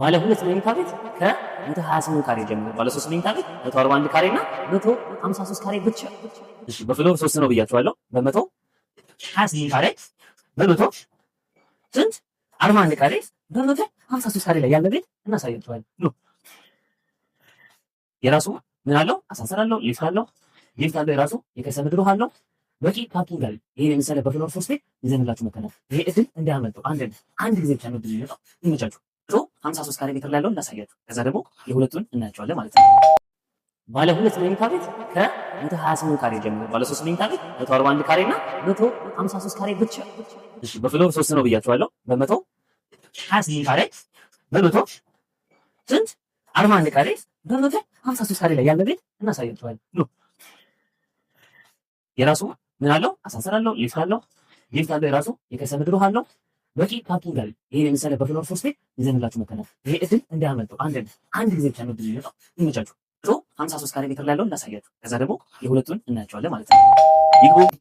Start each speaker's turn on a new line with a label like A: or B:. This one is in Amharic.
A: ባለ ሁለት መኝታ ቤት ከ128 ካሬ ጀምሮ ባለ 3 መኝታ ቤት 141 ካሬ እና 153 ካሬ ብቻ። እሺ በፍሎር 3 ነው ብያቸዋለሁ። በ 28 ካሬ በመቶ ስንት 41 ካሬ በመቶ 53 ካሬ ላይ ያለ ቤት እናሳያቸዋለን። የራሱ ምን አለው? አሳሰር አለው፣ ሊፍት አለው፣ ሊፍት አለው የራሱ የከርሰ ምድር ውሃ አለው። በቂ ፓርኪንግ አለ። ይሄን ለምሳሌ በፍሎር 3 ቤት ይዘንላችሁ መከናል። ይሄ እድል እንዳያመልጠው አንድ አንድ ጊዜ ብቻ ነው ብዙ ይመጣው። ይመቻችሁ። ሀምሳ ሶስት ካሬ ሜትር ላይ ያለውን እናሳያችሁ። ከዛ ደግሞ የሁለቱን እናያቸዋለን ማለት ነው። ባለ ሁለት መኝታ ቤት ከመቶ ሀያ ስምንት ካሬ ጀምሮ ባለ ሶስት መኝታ ቤት መቶ አርባ አንድ ካሬ እና መቶ ሀምሳ ሶስት ካሬ ብቻ። እሺ በፍሎር ሶስት ነው ብያቸዋለሁ። በመቶ ሀያ ስምንት ካሬ በመቶ ስንት አርባ አንድ ካሬ በመቶ ሀምሳ ሶስት ካሬ ላይ ያለ ቤት እናሳያቸዋለን። የራሱ ምን አለው? አሳሰር አለው፣ ሊፍት አለው። ሊፍት አለው የራሱ የከሰ ምድር ውሃ አለው። በቂ ጋር ይሄ ለምሳሌ በፍሎር ሶስቴ ይዘንላችሁ መተናል። ይሄ እድል እንዳያመልጠው አንድ አንድ ጊዜ ብቻ ነው ብዙ ይመጣው ይመቻችሁ። ሀምሳ ሶስት ካሬ ሜትር ላይ ያለውን እናሳያችሁ። ከዛ ደግሞ የሁለቱን እናያቸዋለን ማለት ነው። ይግቡ